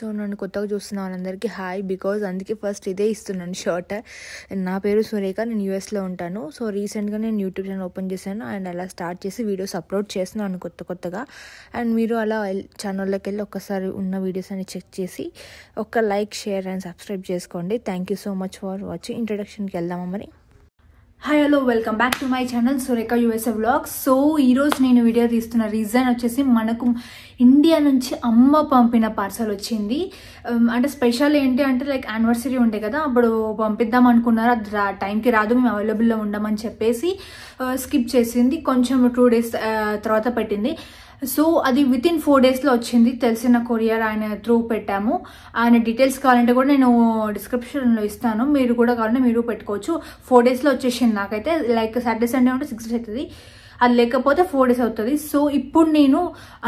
So నన్ను కొత్తగా చూస్తున్న వాళ్ళందరికీ హాయ్ బికాజ్ అందుకే ఫస్ట్ ఇదే ఇస్తున్నాను షార్ట్ నా పేరు సురేఖ నేను యూఎస్లో ఉంటాను సో రీసెంట్గా నేను యూట్యూబ్ ఛానల్ ఓపెన్ చేశాను అండ్ అలా స్టార్ట్ చేసి వీడియోస్ అప్లోడ్ చేస్తున్నాను కొత్త కొత్తగా అండ్ మీరు అలా ఛానల్లోకి వెళ్ళి ఒక్కసారి ఉన్న వీడియోస్ అని చెక్ చేసి ఒక లైక్ షేర్ అండ్ సబ్స్క్రైబ్ చేసుకోండి thank you so much for watching ఇంట్రడక్షన్కి వెళ్దామా మరి hi hello welcome back to my channel Surekha USA vlog so ఈరోజు నేను వీడియో తీస్తున్న రీజన్ వచ్చేసి మనకు ఇండియా నుంచి అమ్మ పంపిన పార్సల్ వచ్చింది um, అంటే స్పెషల్ ఏంటి అంటే లైక్ యానివర్సరీ ఉండే కదా అప్పుడు పంపిద్దాం అనుకున్నారు అది రా టైంకి రాదు మేము అవైలబుల్లో ఉండమని చెప్పేసి స్కిప్ uh, చేసింది కొంచెం టూ డేస్ uh, తర్వాత పెట్టింది సో అది విత్ ఇన్ ఫోర్ డేస్లో వచ్చింది తెలిసిన కొరియర్ ఆయన త్రూ పెట్టాము ఆయన డీటెయిల్స్ కావాలంటే కూడా నేను డిస్క్రిప్షన్లో ఇస్తాను మీరు కూడా కావాలంటే మీరు పెట్టుకోవచ్చు ఫోర్ డేస్లో వచ్చేసింది నాకైతే లైక్ సాటర్డే సండే ఉంటే సిక్స్ డేస్ అవుతుంది అది లేకపోతే ఫోర్ డేస్ అవుతుంది సో ఇప్పుడు నేను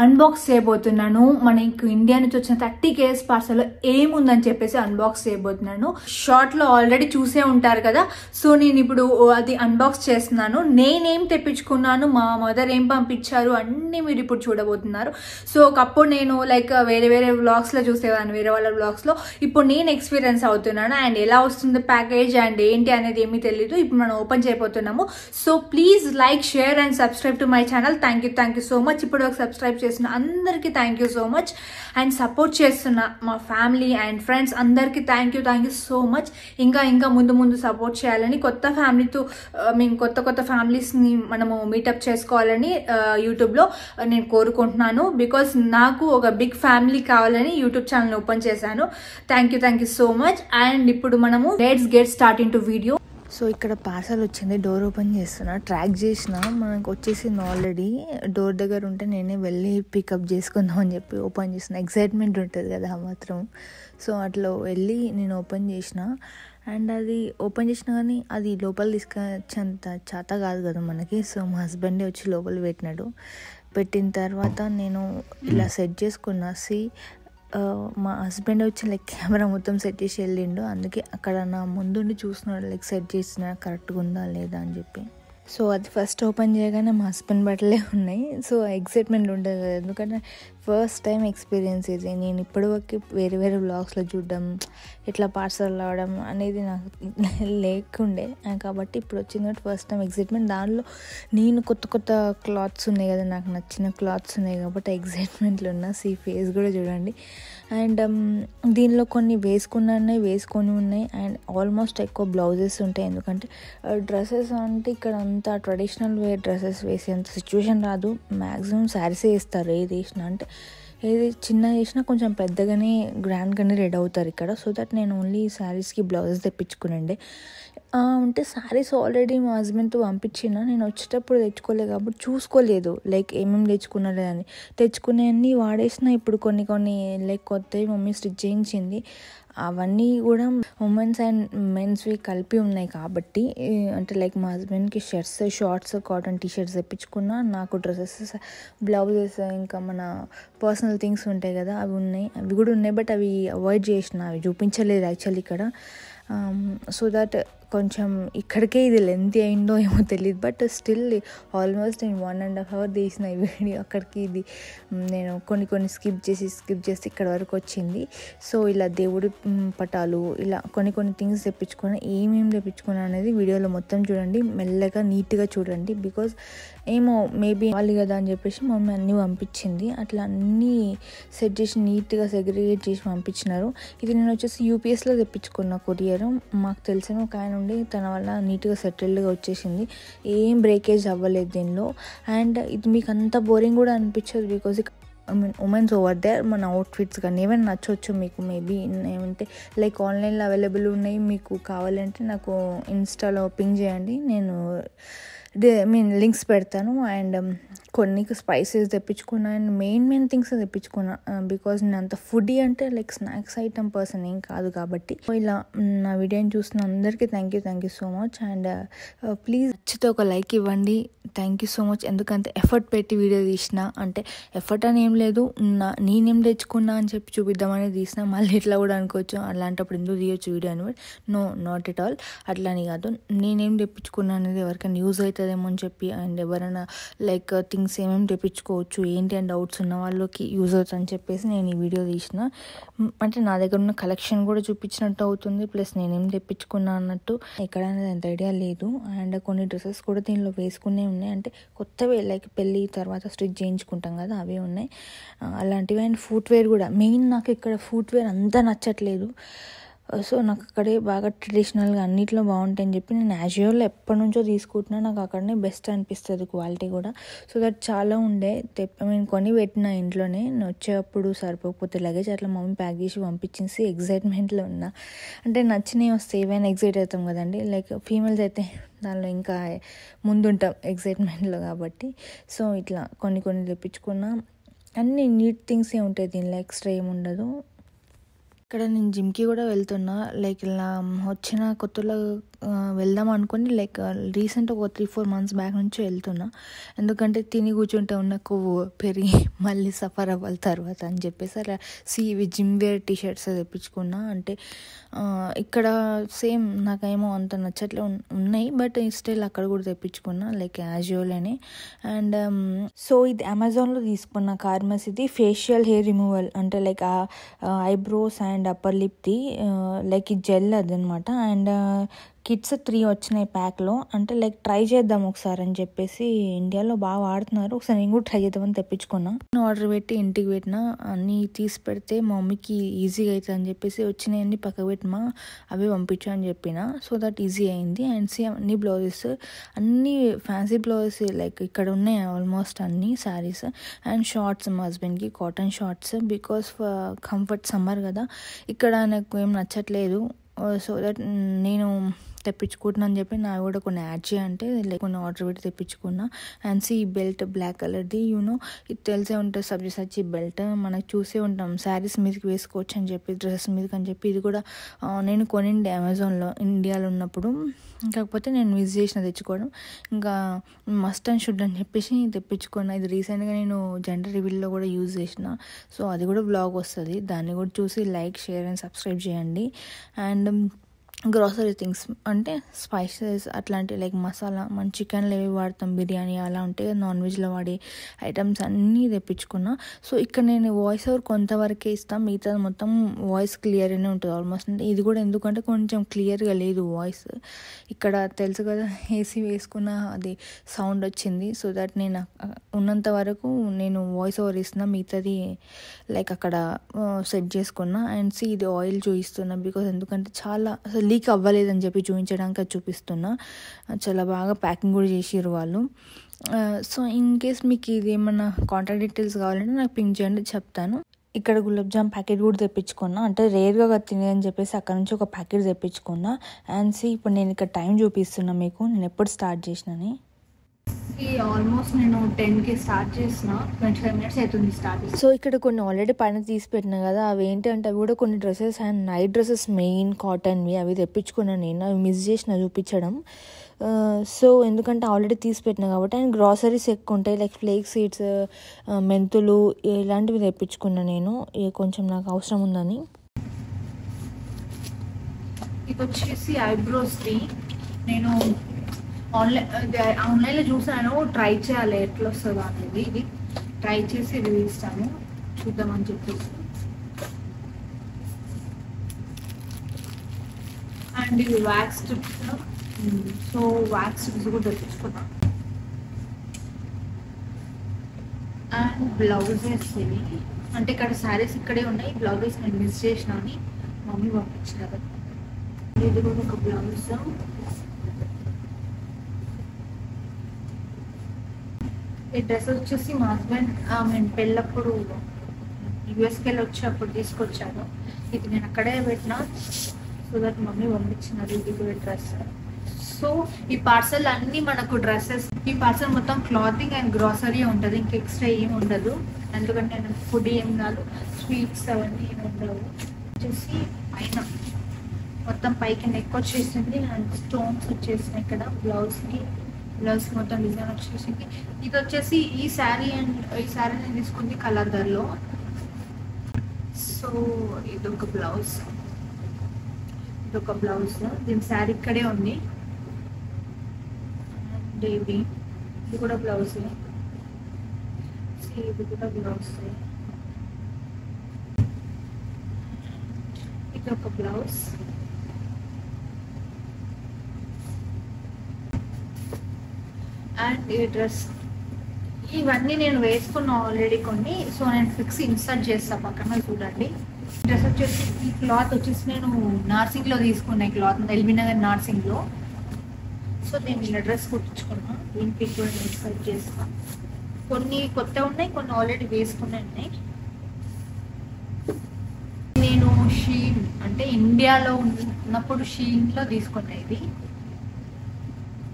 అన్బాక్స్ చేయబోతున్నాను మనకి ఇండియా నుంచి వచ్చిన థర్టీ కేఎస్ పార్సల్ ఏముందని చెప్పేసి అన్బాక్స్ చేయబోతున్నాను షార్ట్లో ఆల్రెడీ చూసే ఉంటారు కదా సో నేను ఇప్పుడు అది అన్బాక్స్ చేస్తున్నాను నేనేం తెప్పించుకున్నాను మా మదర్ ఏం పంపించారు అన్ని మీరు ఇప్పుడు చూడబోతున్నారు సో ఒకప్పుడు నేను లైక్ వేరే వేరే బ్లాగ్స్లో చూసేవాను వేరే వాళ్ళ బ్లాగ్స్లో ఇప్పుడు నేను ఎక్స్పీరియన్స్ అవుతున్నాను అండ్ ఎలా వస్తుంది ప్యాకేజ్ అండ్ ఏంటి అనేది ఏమీ తెలియదు ఇప్పుడు మనం ఓపెన్ చేయబోతున్నాము so please like share and subscribe to my channel thank you thank you so much ఇప్పుడు ఒక సబ్స్క్రైబ్ చేసిన అందరికీ thank you so much and support చేస్తున్న మా ఫ్యామిలీ అండ్ ఫ్రెండ్స్ అందరికీ thank you thank you so much ఇంకా ఇంకా ముందు ముందు సపోర్ట్ చేయాలని కొత్త ఫ్యామిలీతో మేము uh, కొత్త కొత్త ఫ్యామిలీస్ని మనము మీటప్ చేసుకోవాలని యూట్యూబ్లో uh, నేను కోరుకుంటున్నాను బికాస్ నాకు ఒక బిగ్ ఫ్యామిలీ కావాలని యూట్యూబ్ ఛానల్ ఓపెన్ చేశాను thank you thank you so much and ఇప్పుడు మనము let's get start in video so ఇక్కడ పార్సల్ వచ్చింది డోర్ ఓపెన్ చేస్తున్నా ట్రాక్ చేసిన మనకు వచ్చేసింది ఆల్రెడీ డోర్ దగ్గర ఉంటే నేనే వెళ్ళి పికప్ చేసుకుందాం అని చెప్పి ఓపెన్ చేసిన ఎక్సైట్మెంట్ ఉంటుంది కదా మాత్రం సో అట్లా వెళ్ళి నేను ఓపెన్ చేసిన అండ్ అది ఓపెన్ చేసిన కానీ అది లోపల తీసుకొచ్చేంత చేత కాదు కదా మనకి సో మా హస్బెండే వచ్చి లోపల పెట్టినాడు పెట్టిన తర్వాత నేను ఇలా సెట్ చేసుకున్నా సి మా హస్బెండ్ వచ్చి లైక్ కెమెరా మొత్తం సెట్ చేసి వెళ్ళిండు అందుకే అక్కడ నా ముందుండి చూస్తున్నాడు లైక్ సెట్ చేసిన కరెక్ట్గా ఉందా లేదా అని చెప్పి సో అది ఫస్ట్ ఓపెన్ చేయగానే మా హస్బెండ్ బట్టలే ఉన్నాయి సో ఎగ్జైట్మెంట్ ఉండదు కదా ఎందుకంటే ఫస్ట్ టైం ఎక్స్పీరియన్స్ ఇది నేను ఇప్పటివరకు వేరే వేరే బ్లాగ్స్లో చూడడం ఇట్లా పార్సల్ రావడం అనేది నాకు లేకుండే కాబట్టి ఇప్పుడు వచ్చింది ఫస్ట్ టైం ఎక్సైట్మెంట్ దానిలో నేను కొత్త కొత్త క్లాత్స్ ఉన్నాయి కదా నాకు నచ్చిన క్లాత్స్ ఉన్నాయి కాబట్టి ఎగ్జైట్మెంట్లు ఉన్న సీ ఫేస్ కూడా చూడండి అండ్ um, దీనిలో కొన్ని వేసుకున్న ఉన్నాయి వేసుకొని ఉన్నాయి అండ్ ఆల్మోస్ట్ ఎక్కువ బ్లౌజెస్ ఉంటాయి ఎందుకంటే డ్రెస్సెస్ అంటే ఇక్కడ అంతా ట్రెడిషనల్ వేర్ డ్రెస్సెస్ వేసేంత సిచ్యువేషన్ రాదు మ్యాక్సిమం శారీసే వేస్తారు ఏది వేసిన అంటే ఏది చిన్న చేసినా కొంచెం పెద్దగానే గ్రాండ్గానే రెడీ అవుతారు ఇక్కడ సో దట్ నేను ఓన్లీ శారీస్కి బ్లౌజెస్ తెప్పించుకునండి ఉంటే శారీస్ ఆల్రెడీ మా హస్బెండ్తో పంపించిన నేను వచ్చేటప్పుడు తెచ్చుకోలేదు కాబట్టి చూసుకోలేదు లైక్ ఏమేమి తెచ్చుకున్నలేదని తెచ్చుకునేవన్నీ వాడేసిన ఇప్పుడు కొన్ని కొన్ని లైక్ కొత్తవి మమ్మీ స్టిచ్ చేయించింది అవన్నీ కూడా ఉమెన్స్ అండ్ మెన్స్వి కలిపి ఉన్నాయి కాబట్టి అంటే లైక్ మా హస్బెండ్కి shirts shorts cotton T shirts తెప్పించుకున్నా నాకు డ్రెస్సెస్ బ్లౌజెస్ ఇంకా మన పర్సనల్ థింగ్స్ ఉంటాయి కదా అవి ఉన్నాయి అవి కూడా ఉన్నాయి బట్ అవి అవాయిడ్ చేసిన అవి చూపించలేదు యాక్చువల్లీ ఇక్కడ సో um, దట్ కొంచెం ఇక్కడికే ఇది లెంత్ అయిందో ఏమో తెలియదు బట్ స్టిల్ ఆల్మోస్ట్ నేను వన్ అండ్ హాఫ్ అవర్ తీసిన ఈ వీడియో అక్కడికి ఇది నేను కొన్ని కొన్ని స్కిప్ చేసి స్కిప్ చేసి ఇక్కడ వరకు వచ్చింది సో ఇలా దేవుడి పటాలు ఇలా కొన్ని కొన్ని థింగ్స్ తెప్పించుకున్నా ఏమేమి తెప్పించుకున్నా అనేది వీడియోలో మొత్తం చూడండి మెల్లగా నీట్గా చూడండి బికాజ్ ఏమో మేబీ వాళ్ళు కదా అని చెప్పేసి మమ్మీ అన్నీ పంపించింది అట్లా అన్నీ సెట్ చేసి నీట్గా సెగ్రిగేట్ చేసి పంపించినారు ఇది నేను వచ్చేసి యూపీఎస్లో తెప్పించుకున్న కొరియర్ మాకు తెలిసిన ఒక ఆయన నుండి తన వల్ల నీట్గా సెటిల్డ్గా వచ్చేసింది ఏం బ్రేకేజ్ అవ్వలేదు దీనిలో అండ్ ఇది మీకు అంత బోరింగ్ కూడా అనిపించదు because I mean women's over there మన అవుట్ఫిట్స్ కానీ ఏమైనా నచ్చవచ్చు మీకు మేబీ ఏమంటే లైక్ ఆన్లైన్లో అవైలబుల్ ఉన్నాయి మీకు కావాలంటే నాకు ఇన్స్టాలో పింగ్ చేయండి నేను ఐ మీన్ లింక్స్ పెడతాను అండ్ కొన్ని స్పైసెస్ తెప్పించుకున్నా అండ్ మెయిన్ మెయిన్ థింగ్స్ తెప్పించుకున్నా బికాజ్ నేను అంత ఫుడీ అంటే లైక్ స్నాక్స్ ఐటమ్ పర్సన్ ఏం కాదు కాబట్టి ఇలా నా వీడియోని చూసిన అందరికీ thank you thank you so much and please నచ్చితే ఒక లైక్ ఇవ్వండి థ్యాంక్ యూ సో మచ్ ఎందుకంటే ఎఫర్ట్ పెట్టి వీడియో తీసిన అంటే ఎఫర్ట్ అని ఏం లేదు నా నేనేం తెచ్చుకున్నా అని చెప్పి చూపిద్దామని తీసిన మళ్ళీ ఇట్లా కూడా అనుకోవచ్చు అలాంటప్పుడు ఎందుకు తీయొచ్చు వీడియో అని నో నాట్ ఎట్ ఆల్ అట్లాని కాదు నేనేం తెప్పించుకున్నా అనేది ఎవరికైనా యూజ్ అవుతుందేమో అని చెప్పి అండ్ ఎవరైనా లైక్ థింగ్ థింగ్స్ ఏమేమి తెప్పించుకోవచ్చు ఏంటి అని డౌట్స్ ఉన్న వాళ్ళకి యూజ్ అవుతుంది అని చెప్పేసి నేను ఈ వీడియో తీసిన అంటే నా దగ్గర ఉన్న కలెక్షన్ కూడా చూపించినట్టు అవుతుంది ప్లస్ నేనేం తెప్పించుకున్నా అన్నట్టు ఎక్కడ అనేది అంత ఐడియా లేదు అండ్ కొన్ని డ్రెస్సెస్ కూడా దీనిలో వేసుకునే ఉన్నాయి అంటే కొత్తవి లైక్ పెళ్ళి తర్వాత స్టిచ్ చేయించుకుంటాం కదా అవే ఉన్నాయి అలాంటివి అండ్ ఫుట్వేర్ కూడా మెయిన్ నాకు ఇక్కడ ఫుట్వేర్ అంతా నచ్చట్లేదు సో uh, నాకు అక్కడే బాగా ట్రెడిషనల్గా అన్నిట్లో బాగుంటాయని చెప్పి నేను యాజువల్ ఎప్పటి నుంచో తీసుకుంటున్నా నాకు అక్కడనే బెస్ట్ అనిపిస్తుంది క్వాలిటీ కూడా సో దట్ చాలా ఉండే తెప్ప నేను కొని పెట్టిన ఇంట్లోనే నేను వచ్చేటప్పుడు సరిపోకపోతే లగేజ్ అట్లా మమ్మీ ప్యాక్ చేసి పంపించేసి ఎగ్జైట్మెంట్లో ఉన్నా అంటే నచ్చినవి వస్తే ఏవైనా ఎగ్జైట్ అవుతాం కదండి లైక్ ఫీమేల్స్ అయితే దానిలో ఇంకా ముందుంటాం ఎగ్జైట్మెంట్లో కాబట్టి సో ఇట్లా కొన్ని కొన్ని తెప్పించుకున్నా అన్ని నీట్ థింగ్సే ఉంటాయి దీనిలో ఎక్స్ట్రా ఏముండదు ఇక్కడ నేను జిమ్కి కూడా వెళ్తున్నా లైక్ ఇలా వచ్చిన కొత్తలో వెళ్దాం అనుకుని లైక్ రీసెంట్ ఒక త్రీ ఫోర్ మంత్స్ బ్యాక్ నుంచి వెళ్తున్నా ఎందుకంటే తిని కూర్చుంటే ఉన్న కొవ్వు పెరిగి మళ్ళీ సఫర్ అవ్వాలి తర్వాత అని చెప్పేసి అలా సి ఇవి జిమ్ వేర్ టీ షర్ట్స్ తెప్పించుకున్నా అంటే ఇక్కడ సేమ్ నాకేమో అంత నచ్చట్లే ఉన్నాయి బట్ స్టైల్ అక్కడ కూడా తెప్పించుకున్నా లైక్ యాజువల్ అని అండ్ సో ఇది అమెజాన్లో తీసుకున్న కార్మస్ ఇది ఫేషియల్ హెయిర్ రిమూవల్ అంటే like eyebrows and and upper లిప్ది లైక్ ఇది జెల్ అదనమాట అండ్ కిట్స్ త్రీ వచ్చినాయి ప్యాక్లో అంటే లైక్ ట్రై చేద్దాం ఒకసారి అని చెప్పేసి ఇండియాలో బాగా వాడుతున్నారు ఒకసారి నేను కూడా ట్రై చేద్దామని తెప్పించుకున్నా నేను ఆర్డర్ పెట్టి ఇంటికి పెట్టిన అన్నీ తీసి పెడితే మా మమ్మీకి ఈజీగా అవుతుంది అని చెప్పేసి వచ్చినాయన్నీ పక్కకు పెట్టమా అవి పంపించు అని చెప్పిన సో దట్ ఈజీ అయింది అండ్ సీ అన్ని బ్లౌజెస్ అన్ని ఫ్యాన్సీ బ్లౌజెస్ లైక్ ఇక్కడ ఉన్నాయి ఆల్మోస్ట్ అన్ని శారీస్ అండ్ షార్ట్స్ మా హస్బెండ్కి cotton shorts because comfort summer కదా ఇక్కడ నాకు ఏం నచ్చట్లేదు సో దట్ నేను తెప్పించుకుంటున్నా అని చెప్పి నా కూడా కొన్ని యాడ్ చేయంటే కొన్ని ఆర్డర్ పెట్టి తెప్పించుకున్నా అండ్ సి ఈ బెల్ట్ బ్లాక్ కలర్ది యూనో ఇది తెలిసే ఉంటుంది సబ్జెక్ట్ వచ్చి బెల్ట్ మనం చూసే ఉంటాం శారీస్ మీదకి వేసుకోవచ్చు అని చెప్పి డ్రెస్ మీదకి అని చెప్పి ఇది కూడా నేను కొనిండి అమెజాన్లో ఇండియాలో ఉన్నప్పుడు కాకపోతే నేను మిస్ చేసిన తెచ్చుకోవడం ఇంకా మస్ట్ అండ్ షుడ్ అని చెప్పేసి తెప్పించుకున్న ఇది రీసెంట్గా నేను జెండర్ రివీల్లో కూడా యూజ్ చేసిన సో అది కూడా బ్లాగ్ వస్తుంది దాన్ని కూడా చూసి లైక్ షేర్ అండ్ సబ్స్క్రైబ్ చేయండి అండ్ గ్రాసరీ థింగ్స్ అంటే స్పైసెస్ అట్లాంటివి లైక్ మసాలా మన చికెన్లో ఏవి వాడతాం బిర్యానీ అలా ఉంటే నాన్ వెజ్లో వాడే ఐటమ్స్ అన్నీ తెప్పించుకున్నా సో ఇక్కడ నేను వాయిస్ ఓవర్ కొంతవరకే ఇస్తాం మిగతా మొత్తం వాయిస్ క్లియర్గానే ఉంటుంది ఆల్మోస్ట్ అంటే ఇది కూడా ఎందుకంటే కొంచెం క్లియర్గా లేదు వాయిస్ ఇక్కడ తెలుసు కదా ఏసీ వేసుకున్న అది సౌండ్ వచ్చింది సో దట్ నేను uh, ఉన్నంత వరకు నేను వాయిస్ ఓవర్ ఇస్తున్నా మిగతాది లైక్ అక్కడ సెట్ uh, చేసుకున్నా అండ్ సి ఇది ఆయిల్ చూపిస్తున్నా బికాస్ ఎందుకంటే చాలా అసలు లీక్ అవ్వలేదని చెప్పి చూపించడానికి అది చూపిస్తున్నా చాలా బాగా ప్యాకింగ్ కూడా చేసిర్రు వాళ్ళు సో ఇన్ కేస్ మీకు ఇది ఏమన్నా కాంటాక్ట్ డీటెయిల్స్ కావాలంటే నాకు పింక్ చేయండి చెప్తాను ఇక్కడ గులాబ్ జామ్ ప్యాకెట్ కూడా తెప్పించుకున్నా అంటే రేర్గా తినేదని చెప్పేసి అక్కడ నుంచి ఒక ప్యాకెట్ తెప్పించుకున్నా అండ్ సి ఇప్పుడు నేను ఇక్కడ టైం చూపిస్తున్నా మీకు నేను ఎప్పుడు స్టార్ట్ చేసినని ఆల్మోస్ట్ నేను టెన్కి స్టార్ట్ చేసిన ట్వంటీ ఫైవ్ మినిట్స్ అవుతుంది స్టార్ట్ సో ఇక్కడ కొన్ని ఆల్రెడీ పైన తీసి పెట్టినా కదా అవి ఏంటంటే అవి కూడా కొన్ని dresses and night dresses main కాటన్వి అవి తెప్పించుకున్నాను నేను అవి మిస్ చేసిన చూపించడం సో ఎందుకంటే ఆల్రెడీ తీసి పెట్టినా కాబట్టి అండ్ గ్రాసరీస్ ఎక్కువ ఉంటాయి లైక్ ఫ్లేక్ సీడ్స్ మెంతులు ఇలాంటివి తెప్పించుకున్నాను నేను కొంచెం నాకు అవసరం ఉందని ఇది వచ్చేసి ఐబ్రోస్ది నేను ఆన్లైన్ ఆన్లైన్లో చూసాను ట్రై చేయాలి ఎట్లా వస్తుందో అనేది ఇది ట్రై చేసి రివ్యూ ఇస్తాను చూద్దామని చెప్పేసి అండ్ ఇది wax strips hmm. So wax strips కూడా తెచ్చుకుందాం అండ్ బ్లౌజెస్ ఇవి అంటే ఇక్కడ శారీస్ ఇక్కడే ఉన్నాయి బ్లౌజెస్ నేను మిస్ చేసినా అని మమ్మీ పంపించారు ఇది కూడా ఒక బ్లౌజ్ ఈ డ్రెస్ వచ్చేసి మా హస్బెండ్ మేము పెళ్ళప్పుడు యుఎస్కి వెళ్ళి వచ్చినప్పుడు తీసుకొచ్చాను ఇది నేను అక్కడే పెట్టిన సో దట్ మమ్మీ పంపించినారు ఇది కూడా డ్రెస్ సో ఈ పార్సల్ అన్నీ మనకు డ్రెస్సెస్ ఈ పార్సల్ మొత్తం క్లాతింగ్ అండ్ గ్రాసరీ ఉంటుంది ఇంకా ఎక్స్ట్రా ఏం ఉండదు ఎందుకంటే నేను ఫుడ్ ఏం కాదు స్వీట్స్ అవన్నీ ఏమి ఉండవు వచ్చేసి పైన మొత్తం పైకి నెక్ వచ్చేసింది అండ్ స్టోన్స్ వచ్చేసినాయి ఇక్కడ బ్లౌజ్కి బ్లౌజ్ మొత్తం డిజైన్ వచ్చేసింది ఇది వచ్చేసి ఈ శారీ అండ్ ఈ శారీ నేను తీసుకుంది కలర్ ధరలో సో ఇది ఒక బ్లౌజ్ ఇది ఒక బ్లౌజ్ దీని శారీ ఇక్కడే ఉంది అండ్ ఇది ఇది కూడా బ్లౌజ్ ఇది కూడా బ్లౌజ్ ఇది ఒక బ్లౌజ్ అండ్ ఈ డ్రెస్ ఇవన్నీ నేను వేసుకున్న ఆల్రెడీ కొన్ని సో నేను ఫిక్స్ ఇన్సర్ట్ చేస్తా పక్కన చూడండి డ్రెస్ వచ్చేసి ఈ క్లాత్ వచ్చేసి నేను నార్సింగ్లో తీసుకున్నా ఈ క్లాత్ ఎల్బీ నగర్ లో సో నేను ఇలా డ్రెస్ కుట్టించుకున్నాను దీనికి కూడా ఇన్సర్ట్ చేస్తాను కొన్ని కొత్త ఉన్నాయి కొన్ని ఆల్రెడీ వేసుకున్నాయి నేను షీన్ అంటే ఇండియాలో ఉన్నప్పుడు షీన్లో తీసుకున్నా ఇది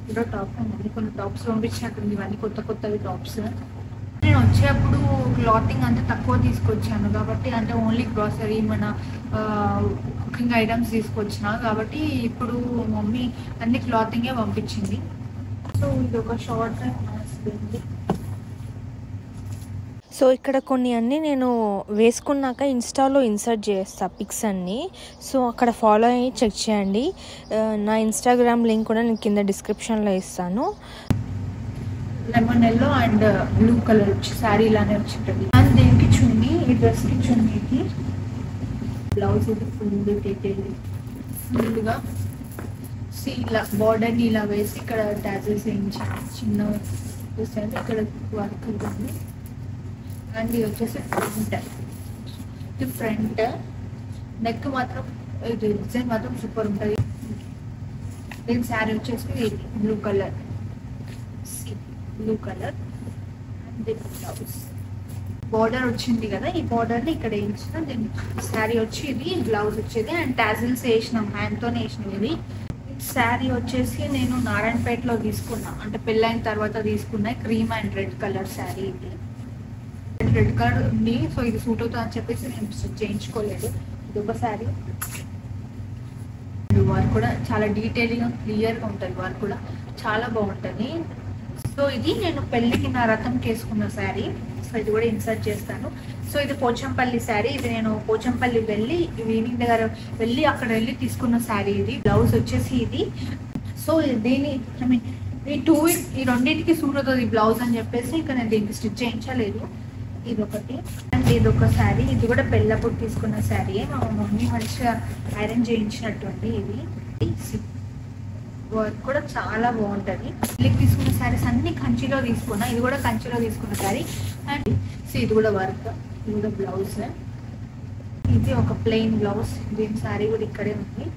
కూడా టాప్ ఉంది కొన్ని టాప్స్ పంపించినట్టుంది ఇవన్నీ కొత్త కొత్తవి టాప్స్ నేను వచ్చేప్పుడు క్లాతింగ్ అంత తక్కువ తీసుకొచ్చాను కాబట్టి అంటే ఓన్లీ గ్రాసరీ మన కుకింగ్ ఐటమ్స్ తీసుకొచ్చిన కాబట్టి ఇప్పుడు మమ్మీ అన్ని క్లాతింగే పంపించింది సో ఇది ఒక షార్ట్ ఉంది సో ఇక్కడ కొన్ని అన్నీ నేను వేసుకున్నాక ఇన్స్టాలో ఇన్సర్ట్ చేస్తాను పిక్స్ అన్నీ సో అక్కడ ఫాలో అయ్యి చెక్ చేయండి నా ఇన్స్టాగ్రామ్ లింక్ కూడా నేను కింద డిస్క్రిప్షన్లో ఇస్తాను lemon yellow and blue colour వచ్చి శారీ ఇలానే వచ్చింటుంది అండ్ దీనికి చున్ని ఈ డ్రెస్కి చున్నీకి బ్లౌజ్ ఫుల్ డీటెయిల్ ఫుల్గా సీ ఇలా బార్డర్ని ఇలా వేసి ఇక్కడ ట్యాజెస్ వేయించి చిన్న ఇక్కడ వర్క్ ఉంటుంది అండ్ ఇది వచ్చేసి ఫ్రంట్ ఇది ఫ్రంట్ నెక్ మాత్రం ఇది డిజైన్ మాత్రం సూపర్ ఉంటుంది దీని శారీ వచ్చేసి blue colour blue colour and దీని బ్లౌజ్ బార్డర్ వచ్చింది కదా ఈ బార్డర్ని ఇక్కడ వేయించిన దీని శారీ వచ్చి ఇది బ్లౌజ్ వచ్చేది అండ్ టాజిల్స్ వేసినాం హ్యాండ్తోనే వేసినాం ఇది శారీ వచ్చేసి నేను నారాయణపేటలో తీసుకున్నా అంటే పెళ్ళైన తర్వాత తీసుకున్నా cream and red colour sari ఇది రెడ్ కలర్ ఉంది సో ఇది సూట్ అవుతుంది అని చెప్పేసి నేను చేయించుకోలేదు ఇది ఒక శారీ వర్క్ కూడా చాలా డీటెయిల్గా క్లియర్గా ఉంటుంది వర్క్ కూడా చాలా బాగుంటుంది సో ఇది నేను పెళ్ళికి నా రథం కేసుకున్న శారీ సో ఇది కూడా ఇన్సర్ట్ చేస్తాను సో ఇది పోచంపల్లి శారీ ఇది నేను పోచంపల్లి వెళ్ళి ఈవినింగ్ దగ్గర వెళ్ళి అక్కడ వెళ్ళి తీసుకున్న శారీ ఇది బ్లౌజ్ వచ్చేసి ఇది సో దీని ఐ మీన్ ఈ టూ ఈ రెండింటికి సూట్ అవుతుంది బ్లౌజ్ అని చెప్పేసి ఇక నేను దీనికి స్టిచ్ చేయించలేదు ఇది ఒకటి అండ్ ఇది ఒక శారీ ఇది కూడా పెళ్ళప్పుడు తీసుకున్న శారీ మా మమ్మీ మంచిగా ఐరన్ చేయించినటువంటి ఇది వర్క్ కూడా చాలా బాగుంటుంది పెళ్ళికి తీసుకున్న శారీస్ అన్ని కంచిలో తీసుకున్నా ఇది కూడా కంచిలో తీసుకున్న శారీ అండ్ సో ఇది కూడా వర్క్ ఇది కూడా బ్లౌజ్ ఇది ఒక ప్లెయిన్ బ్లౌజ్ దీని శారీ కూడా ఇక్కడే ఉంది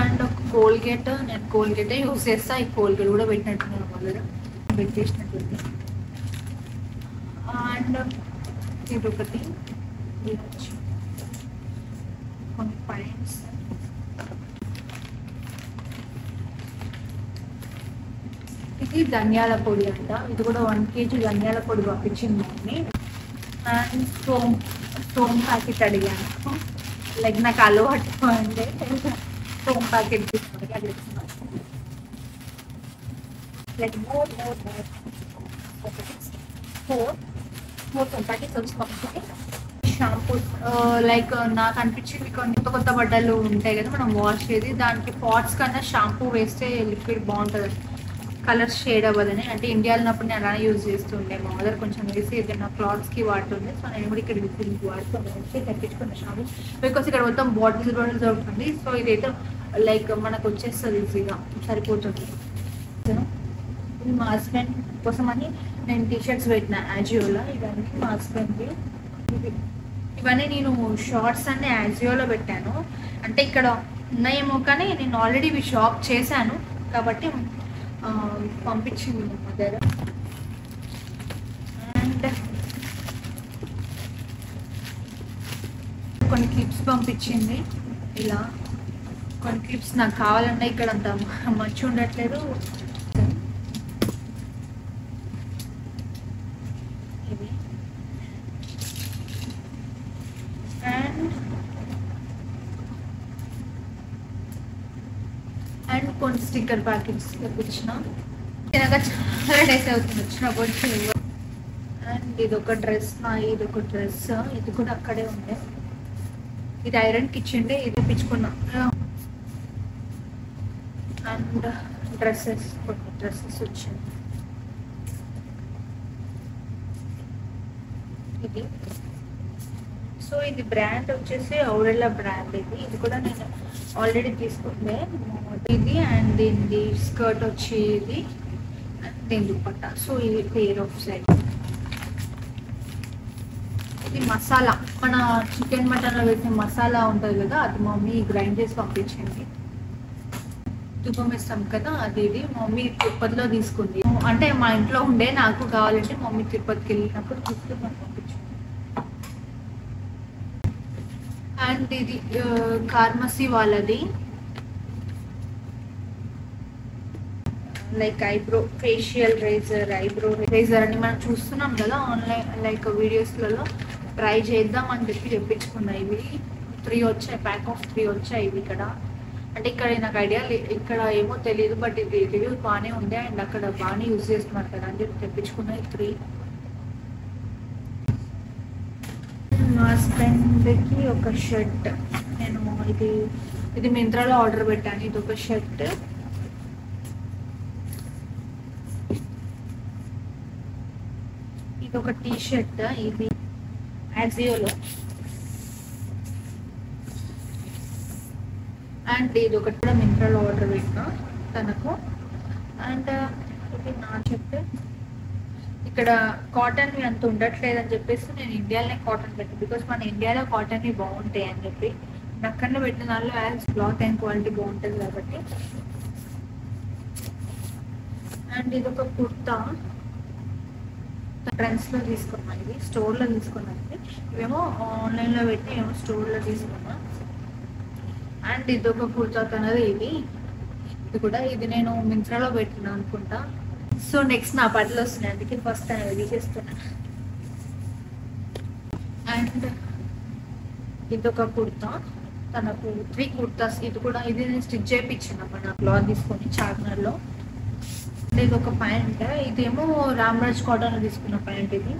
అండ్ ఒక కోల్గేట్ నేను కోల్గేటే యూస్ చేస్తా ఈ కోల్గేట్ కూడా పెట్టినట్టున్నాను వాళ్ళు పెట్టేసినట్టుంది అండ్ ಬೆಟಪಟ್ಟಿ ಇತ್ತು ಕಂಪರೆನ್ಸ್ ಇಕ್ಕೆ ಧನ್ಯಾಲಪೋರಿಯಂತಾ ಇದು ಕೂಡ 1 ಕೆಜಿ ಧನ್ಯಾಲಪೋರು ಬಚ್ಚಿನ್ನಿ ಫ್ಲಾಂ ಸ್ತೋಮ್ ಪ್ಯಾಕೆಟ್ ಅಲ್ಲಿ ಆ ಲಗ್ನಕALO ಹಟೋಣ್ಡೆ ಸ್ತೋಮ್ ಪ್ಯಾಕೆಟ್ ಇಟ್ಕೊಳ್ಳಿ ರೆಡಿ ಮೋಡ್ ಮೋಡ್ ಮೋಡ್ ಕೊಡಿ ಫೋ షాంపూ లైక్ uh, uh, నాకు అనిపించింది కొన్ని కొత్త కొత్త బట్టలు ఉంటాయి కదా మనం వాష్ చేసి దానికి పాట్స్ కన్నా షాంపూ వేస్తే లిక్విడ్ బాగుంటుంది కలర్ షేడ్ అవ్వదని అంటే ఇండియాలో ఉన్నప్పుడు నేను అలానే యూజ్ చేస్తుండే మా మదర్ కొంచెం వేసి ఏదైనా క్లాత్స్కి వాడుతుండే సో నేను కూడా ఇక్కడ యూజ్ వాడుతున్నాను తగ్గించుకున్న షాంపూ బికాస్ ఇక్కడ మొత్తం బాటిల్స్ బాటిల్స్ దొరుకుతుంది సో ఇదైతే లైక్ మనకు వచ్చేస్తుంది ఈజీగా సరిపోతుంది మా హస్బెండ్ కోసం అని నేను టీషర్ట్స్ పెట్టిన యాజియోలో ఇవన్నీ మా హస్బెండ్ ఇవన్నీ నేను షార్ట్స్ అన్ని యాజియోలో పెట్టాను అంటే ఇక్కడ ఉన్నాయేమో కానీ నేను ఆల్రెడీ ఇవి షాప్ చేశాను కాబట్టి పంపించింది మా మదర్ అండ్ కొన్ని క్లిప్స్ పంపించింది ఇలా కొన్ని క్లిప్స్ నాకు కావాలన్నా ఇక్కడ అంత మంచి ఉండట్లేదు స్టిక్కర్ ప్యాకెట్స్లో వచ్చిన చాలా డేస్ అవుతుంది వచ్చినప్పటికీ అండ్ ఇది ఒక డ్రెస్ నా ఇది ఒక డ్రెస్ ఇది కూడా అక్కడే ఉండే ఇది ఐరన్ కిచెన్ ఇది పిచ్చుకున్నా అండ్ డ్రెస్సెస్ కొన్ని డ్రెస్సెస్ వచ్చింది ఇది సో ఇది బ్రాండ్ వచ్చేసి ఔరెల్లా బ్రాండ్ ఇది ఇది కూడా నేను ఆల్రెడీ తీసుకుంటే ఇది అండ్ దీనిది స్కర్ట్ వచ్చేది దీని దుప్పట్ట సో ఇది పేర్ ఆఫ్ సైడ్ ఇది మసాలా మన చికెన్ మటన్లో వేసిన మసాలా ఉంటుంది కదా అది మమ్మీ గ్రైండ్ చేసి పంపించండి తుపం ఇస్తాం కదా అది ఇది మమ్మీ తిరుపతిలో తీసుకుంది అంటే మా ఇంట్లో ఉండే నాకు కావాలంటే మమ్మీ తిరుపతికి వెళ్ళినప్పుడు గిఫ్ట్ పంపించు అండ్ ఇది ఫార్మసీ వాళ్ళది like eyebrow facial razor eyebrow razor అని మనం చూస్తున్నాం కదా ఆన్లైన్ లైక్ వీడియోస్లలో ట్రై చేద్దాం అని చెప్పి చెప్పించుకున్నా ఇవి త్రీ వచ్చాయి ప్యాక్ ఆఫ్ త్రీ వచ్చాయి ఇవి ఇక్కడ అంటే ఇక్కడ నాకు ఐడియా ఇక్కడ ఏమో తెలియదు బట్ ఇది రివ్యూ బాగానే ఉంది అండ్ అక్కడ బాగానే యూజ్ చేస్తున్నారు కదా అని చెప్పి తెప్పించుకున్నాయి త్రీ మా హస్బెండ్కి ఒక షర్ట్ నేను ఇది ఇది మింత్రాలో ఆర్డర్ పెట్టాను ఇది ఒక షర్ట్ ఇది ఒక టీ షర్ట్ ఇది యాక్సియోలో అండ్ ఇది ఒకటి కూడా మింత్రాలో ఆర్డర్ పెట్టాను తనకు అండ్ uh, ఇది నా షర్ట్ ఇక్కడ కాటన్ అంత ఉండట్లేదు అని చెప్పేసి నేను ఇండియాలోనే కాటన్ పెట్టి బికాస్ మన ఇండియాలో కాటన్ బాగుంటాయి అని చెప్పి నక్కన్న పెట్టిన దానిలో యాజ్ క్లాత్ అండ్ క్వాలిటీ బాగుంటుంది కాబట్టి అండ్ ఇది ఒక కుర్తా లో తీసుకున్నాం ఇది స్టోర్లో ఏమో ఆన్లైన్ లో పెట్టి మేము లో తీసుకున్నాం అండ్ ఇది ఒక కుర్తా తనది ఇది ఇది కూడా ఇది నేను మింత్రాలో పెట్టిన అనుకుంటా సో నెక్స్ట్ నా పాటలు వస్తున్నాయి అందుకే ఫస్ట్ తను ఇది చేస్తున్నా అండ్ ఒక కుర్తా తనకు త్రీ కుర్తాస్ ఇది కూడా ఇది నేను స్టిచ్ చేయించిన మన క్లాత్ తీసుకొని చార్మినార్లో ఇది ఒక ప్యాంట్ ఇదేమో రామ్రాజ్ కాటన్ తీసుకున్న ప్యాంట్ ఇది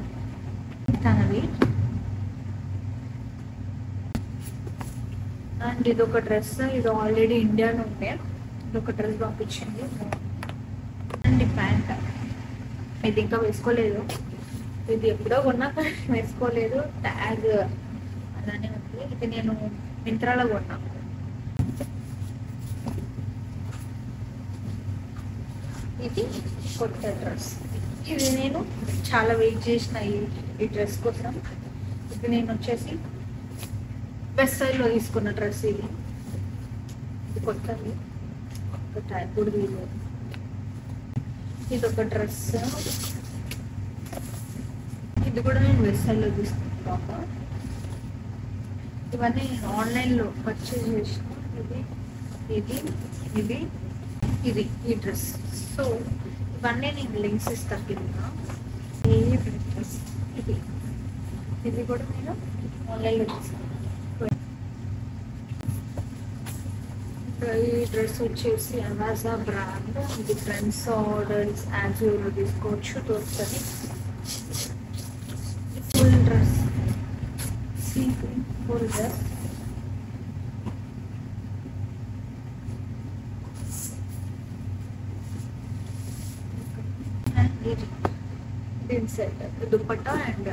తనవి అండ్ ఇది ఒక డ్రెస్ ఇది ఆల్రెడీ ఇండియా నుండే ఇది ఒక డ్రెస్ పంపించింది ప్యాంట్ ఇది ఇంకా వేసుకోలేదు ఇది ఎప్పుడో కొన్నా వేసుకోలేదు ట్యాగ్ అలానే ఉంది ఇది నేను మింత్రాలో కొన్నా ఇది కొత్త డ్రెస్ ఇది నేను చాలా వెయిట్ చేసిన ఈ డ్రెస్ కోసం ఇది నేను వచ్చేసి బెస్ట్ సైడ్లో తీసుకున్న డ్రెస్ ఇది ఇది కొత్తది ఒక టైప్ కూడా ఇది ఒక డ్రెస్ ఇది కూడా నేను వెబ్సైట్లో తీసుకున్నాను బాబా ఇవన్నీ ఆన్లైన్లో పర్చేజ్ చేసిన ఇది ఇది ఇది ఇది ఈ డ్రెస్ సో ఇవన్నీ నేను లింక్స్ ఇస్తాను కింద ఏ డ్రెస్ ఇది ఇది కూడా నేను ఆన్లైన్లో తీసుకున్నాను ఈ డ్రెస్ వచ్చేసి అమెజా బ్రాండ్ ఇది ఫ్రెండ్స్ ఆర్డర్స్ యాజ్యూలో తీసుకోవచ్చు దొరుకుతుంది full dress see full dress దీని సెట్ దుప్పట్టా అండ్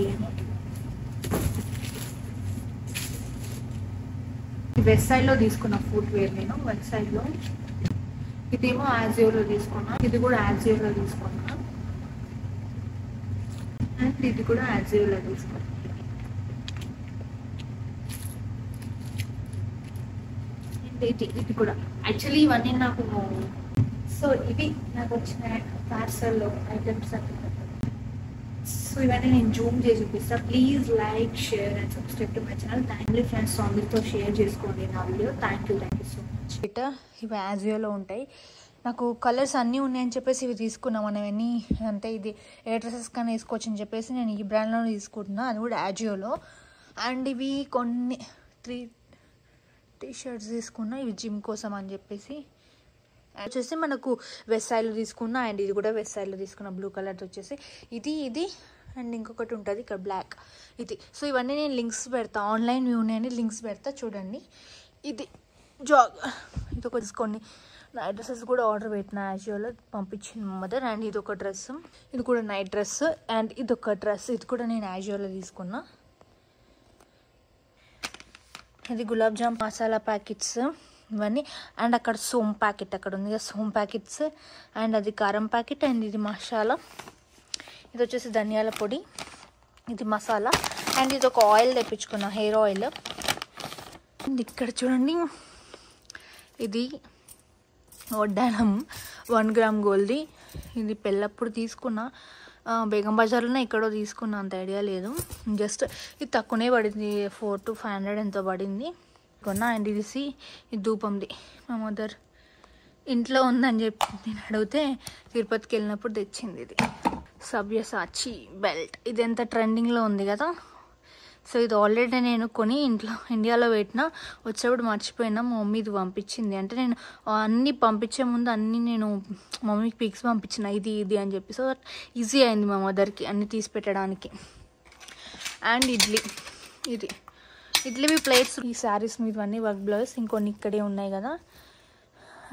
ఒకటి వెస్ట్ లో తీసుకున్న వేర్ నేను వెస్ట్ లో ఇదేమో లో తీసుకున్నా ఇది కూడా లో తీసుకున్నా అండ్ ఇది కూడా లో తీసుకున్నా ఇది ఇది కూడా యాక్చువల్లీ ఇవన్నీ నాకు సో ఇవి నాకు వచ్చిన పార్సల్లో ఐటమ్స్ అంటే సో ఇవన్నీ నేను జూమ్ చేసి చూపిస్తాను please like share and subscribe to my channel థ్యాంక్లీ ఫ్రెండ్స్ అందరితో షేర్ చేసుకోండి నా video thank you thank you so much ఇట ఇవి యాజువలో ఉంటాయి నాకు కలర్స్ అన్నీ ఉన్నాయని చెప్పేసి ఇవి తీసుకున్నాం మనం అన్నీ అంటే ఇది ఏ డ్రెస్సెస్ కానీ వేసుకోవచ్చు అని చెప్పేసి నేను ఈ బ్రాండ్లో తీసుకుంటున్నా అది కూడా యాజియోలో అండ్ ఇవి కొన్ని త్రీ టీషర్ట్స్ తీసుకున్నా ఇవి జిమ్ కోసం అని చెప్పేసి వచ్చేసి మనకు వెస్సాయిలు తీసుకున్నా అండ్ ఇది కూడా వెస్సాయిలు తీసుకున్న బ్లూ కలర్ వచ్చేసి ఇది ఇది అండ్ ఇంకొకటి ఉంటుంది ఇక్కడ బ్లాక్ ఇది సో ఇవన్నీ నేను లింక్స్ పెడతా ఆన్లైన్ నేను లింక్స్ పెడతా చూడండి ఇది జాగ్ ఇది ఒక కొన్ని డ్రెస్సెస్ కూడా ఆర్డర్ పెట్టిన యాజువల్ పంపించింది మా మదర్ అండ్ ఇది ఒక డ్రెస్ ఇది కూడా నైట్ డ్రెస్ అండ్ ఇది ఒక డ్రెస్ ఇది కూడా నేను యాజువల్లో తీసుకున్నా ఇది గులాబ్ జామ్ మసాలా ప్యాకెట్స్ ఇవన్నీ అండ్ అక్కడ సోమ్ ప్యాకెట్ అక్కడ ఉంది కదా సోమ్ ప్యాకెట్స్ అండ్ అది కారం ప్యాకెట్ అండ్ ఇది మసాలా ఇది వచ్చేసి ధనియాల పొడి ఇది మసాలా అండ్ ఇది ఒక ఆయిల్ తెప్పించుకున్న హెయిర్ ఆయిల్ ఇక్కడ చూడండి ఇది వడ్డానం వన్ గ్రామ్ గోల్ది ఇది పెళ్ళప్పుడు తీసుకున్న బేగం బజార్లోనే ఎక్కడో తీసుకున్న అంత ఐడియా లేదు జస్ట్ ఇది తక్కువనే పడింది ఫోర్ టు ఫైవ్ హండ్రెడ్ ఎంతో పడింది కొన్నా అండ్ ఇది ఇది ధూపంది మా మదర్ ఇంట్లో ఉందని చెప్పి నేను అడిగితే తిరుపతికి వెళ్ళినప్పుడు తెచ్చింది ఇది సాచి బెల్ట్ ఇది ఎంత ట్రెండింగ్లో ఉంది కదా సో ఇది ఆల్రెడీ నేను కొని ఇంట్లో ఇండియాలో పెట్టిన వచ్చేప్పుడు మర్చిపోయినా మా మమ్మీ ఇది పంపించింది అంటే నేను అన్నీ పంపించే ముందు అన్నీ నేను మమ్మీకి పిక్స్ పంపించిన ఇది ఇది అని చెప్పి సో ఈజీ అయింది మా మదర్కి అన్నీ తీసి పెట్టడానికి అండ్ ఇడ్లీ ఇది ఇడ్లీవి ప్లేట్స్ ఈ శారీస్ అన్నీ వర్క్ బ్లౌజ్ ఇంకొన్ని ఇక్కడే ఉన్నాయి కదా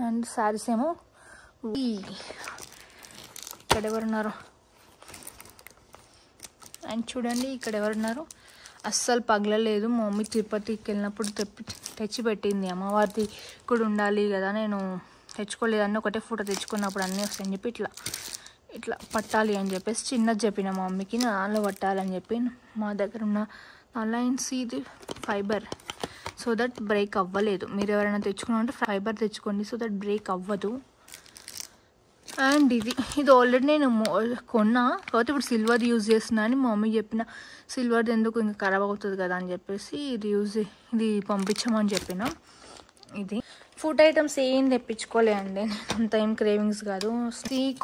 అండ్ శారీస్ ఏమో ఇక్కడ ఎవరున్నారు అండ్ చూడండి ఇక్కడ ఎవరున్నారు అస్సలు పగలలేదు మా మమ్మీ తిరుపతికి వెళ్ళినప్పుడు తెప్పి తెచ్చిపెట్టింది అమ్మవారిది ఇక్కడ ఉండాలి కదా నేను తెచ్చుకోలేదని ఒకటే ఫోటో తెచ్చుకున్నప్పుడు అన్నీ వస్తాయని చెప్పి ఇట్లా ఇట్లా పట్టాలి అని చెప్పేసి చిన్నది చెప్పిన మా మమ్మీకి నాలో పట్టాలని చెప్పి మా దగ్గర ఉన్న అలైన్స్ ఇది ఫైబర్ సో దట్ బ్రేక్ అవ్వలేదు మీరు ఎవరైనా తెచ్చుకున్నా ఫైబర్ తెచ్చుకోండి సో దట్ బ్రేక్ అవ్వదు అండ్ ఇది ఇది ఆల్రెడీ నేను కొన్నా కాబట్టి ఇప్పుడు సిల్వర్ యూజ్ చేస్తున్నా అని మా మమ్మీ చెప్పిన సిల్వర్ది ఎందుకు ఇంకా ఖరాబ్ అవుతుంది కదా అని చెప్పేసి ఇది యూజ్ ఇది పంపించమని చెప్పిన ఇది ఫుడ్ ఐటమ్స్ ఏం తెప్పించుకోలే అండి అంత ఏం క్రేవింగ్స్ కాదు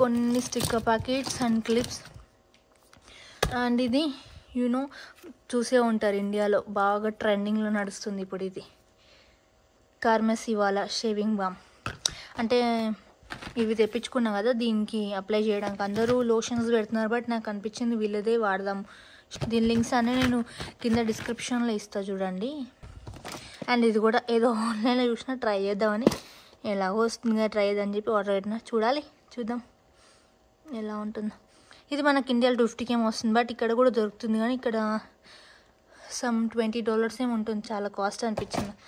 కొన్ని sticker packets and clips and ఇది యూనో చూసే ఉంటారు ఇండియాలో బాగా ట్రెండింగ్లో నడుస్తుంది ఇప్పుడు ఇది కార్మెస్ ఇవాళ షేవింగ్ బామ్ అంటే ఇవి తెప్పించుకున్నాం కదా దీనికి అప్లై చేయడానికి అందరూ లోషన్స్ పెడుతున్నారు బట్ నాకు అనిపించింది వీళ్ళదే వాడదాం దీని లింక్స్ అన్నీ నేను కింద డిస్క్రిప్షన్లో ఇస్తా చూడండి అండ్ ఇది కూడా ఏదో ఆన్లైన్లో చూసినా ట్రై చేద్దామని ఎలాగో వస్తుంది ట్రై చేద్దామని చెప్పి ఆర్డర్ పెట్టిన చూడాలి చూద్దాం ఎలా ఉంటుందో ఇది మనకి ఇండియాలో ఫిఫ్టీకి ఏమో వస్తుంది బట్ ఇక్కడ కూడా దొరుకుతుంది కానీ ఇక్కడ సమ్ ట్వంటీ డాలర్స్ ఏమి ఉంటుంది చాలా కాస్ట్ అనిపించింది